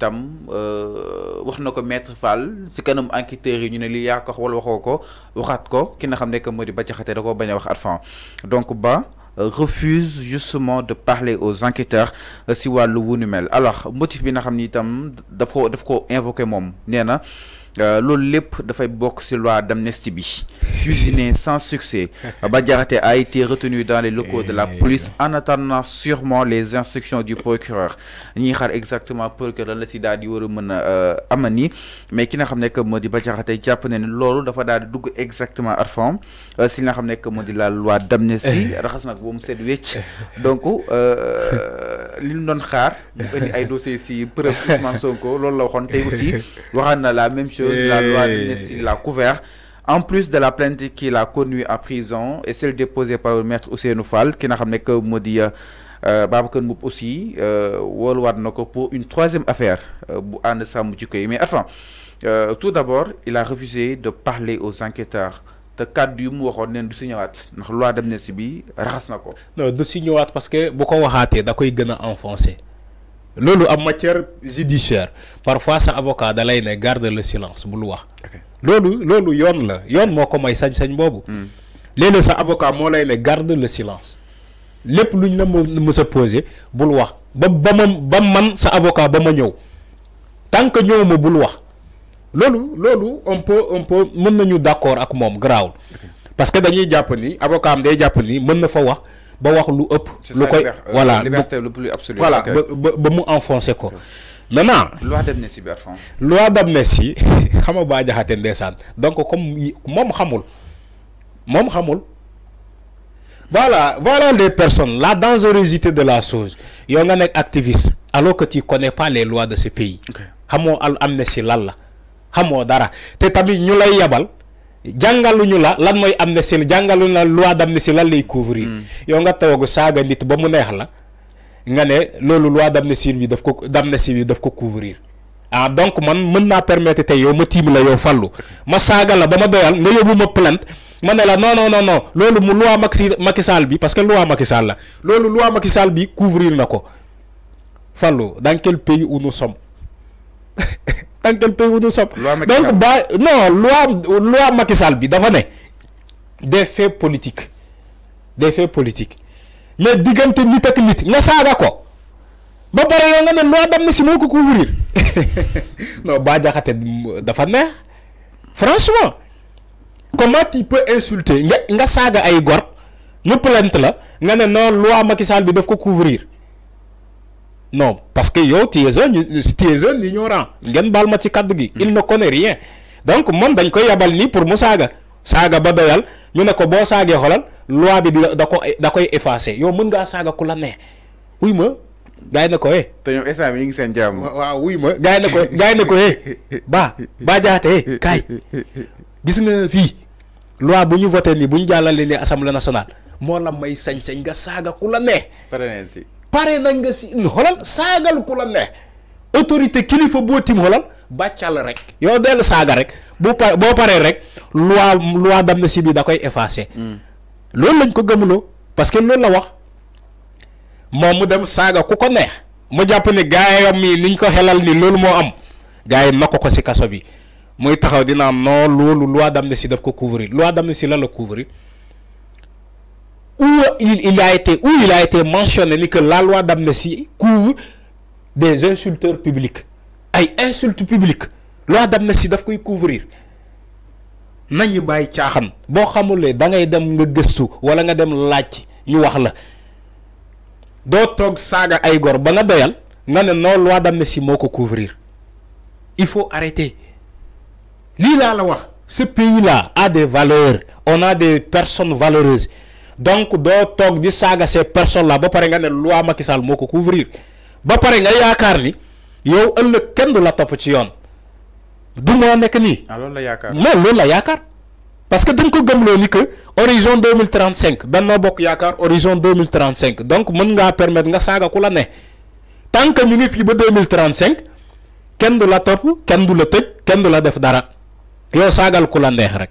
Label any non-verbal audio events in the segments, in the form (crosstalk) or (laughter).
tam euh, wax na ko maître Fall si kanam enquêteur yi ñu ne li ya ko wax wala waxoo ko waxaat ko ki nga xam ne modi ba ci ba da ko bañ a wax Arfan donc ba euh, refuse justement de parler aux enquêteurs euh, si walu wu mel alors motif bi nga xam ni itam daf ko daf ko invoqué moom nee euh, lepp da fay bok ci loi d'amnistie bi sans succès (laughs) Badiaraté a été retenu dans les locaux de la eh. police en attendant sûrement les instructions du procureur ñuy xar exactement procureur que la ci daal di war mëna euh, amani mais ki nga xamné que modi di Badiaraté jàpp ne ni loolu dafa daal di dugg exactement arfam euh, si n'a nga xam que modi la loi d'amnistie eh. raxas nak ba mu seet wecc donc li ñu don xaar mu indi ay dossier ci preuve Ousmane Sonko loolu la waxon tay aussi (laughs) waxana la même la loi d'Amnesty l'a couvert. En plus de la plainte qu'il a connue à prison et celle déposée par le maître Ousseynou Fall, qui n'a ramené que Maudia euh, Babakan Moup aussi, euh, pour une troisième affaire, euh, Mais enfin, euh, tout d'abord, il a refusé de parler aux enquêteurs. de cas d'humour mu de de du la loi d'amnistie bi na non de parce que beaucoup ont raté da koy gën en français lolu am matière judiciaire parfois sa avocat dalay lay ne garde le silence bul wax lolu lolu yoon la yoon moko ko may sañ-sañ bobu hmm. léeg sa avocat mo lay ne garde le silence les luñ la se poser posé bul wax ba ba man sa avocat ba ma ñew tant que nous ma bul wax lolu lolu on peut on peut meun nañu d'accord ak mon grawl parce que dañuy japp ni avocat am day japp ni meun na fa wax ba wax lu ëpp. lu voilà euh, liberté le plus absolu. voilà ba ba mu enfoncer ko. maintenant loi d'amnistie bi loi d'amnistie (laughs) xama ba Bah ndessane donc comme mom xamul mom xamul. voilà voilà les personnes la dangerosité de la chose yow a un activiste alors que tu connais pas les lois de ce pays. xamoo al amnistie lan la xamoo dara te tamit ñu lay yabal. jàngaluñu la lan mooy amnistie jàngaluñu la loi d'amnistie lan lay couvrir. Hmm. yow nga tawagu saaga nit ba mu neex la nga ne loolu ne d'amnistie bi daf ko d'amnistie bi daf ko couvrir ah donc man mën naa permettre tey yow ma tiim la yow fallu ma saaga la ba ma doyal nga yóbbu ma plainte ma ne la non non non non loolu mu loi Macky Macky bi parce que loi Macky Sall la loolu loi Macky Sall bi couvrir na ko fallu dans quel pays où nous sommes. (laughs) tant le pays donc bah, non loi loi des faits politiques des faits politiques mais digantes nit nga ko ba nga loi couvrir (laughs) non bah franchement comment tu peux insulter nga nga saga ay gor ñu la nga non loi Macky bi couvrir. non parce que yow tu es un tu es un ignorant ngeen baal ma ci kaddu gi. il ne connaît rien donc moom dañ koy yabal nii pour mu saaga saaga ba doyal ñu ne ko boo saagee xolal loi bi da ko da koy effacer yow mën ngaa saaga ku la ne wuy ma gars yi ne ko eh. te ñoom instant bii ngi seen jàmm. waaw wuy ma gars ko gars yi eh. ba ba jaatee eh, kaay gis nga fii loi bu ñu votee nii bu ñu jàllale nii assemblée nationale moo la may sañ-sañ nga saaga ku la ne. pare na nga si xolal saagal ku la ne autorité kilifa boo tim xolal bàccal rek yow dell saaga rek bu pare boo paree rek loi loi si bi da koy effacé hmm. loolu lañ ko gëmuloo parce que loolu la wax moom mu dem saaga ku ko neex mu jàpp ni gaayam yi niñ ko xelal ni loolu moo am gars yi nokk ko si kaso bi muy taxaw di naan non loolu loi si daf ko couvrir loi d'amnistie lan la couvrir. où il, il, a été, où il a été mentionné que la loi d'amnistie couvre des insulteurs publics. Ay insultes publiques. Loi d'amnistie doit couvrir. Nani bàyyi caaxan boo xamulee da ngay dem nga gëstu wala nga dem laaj ñu wax la Do tok saga ay gor ba nga doyal nga ne non loi d'amnistie moko couvrir il faut arrêter Li la wax ce pays là a des valeurs on a des personnes valeureuses donc doo toog di saaga ces personnes la ba pare nga ne loi Macky Sall moo ko couvrir ba pare nga yaakaar ni yow ëllëg kenn du la topp ci yoon du moo nekk nii. ah loolu la yaakaar mais loolu yaakaar parce que dañ ko gëmloo ni que horizon deux mille trente cinq Benno Bokk Yaakaar horizon deux mille trente cinq donc mën ngaa permettre nga saaga ku la ne tant que ñu ngi fii ba deux mille trente cinq kenn du la topp kenn du la tëj kenn du la def dara yow saagal ku la neex rek.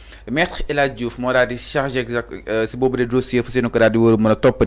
maître El Hadj Diouf moo daal di chargé exact euh, si boobu de dossier fu seenu ko mën a topp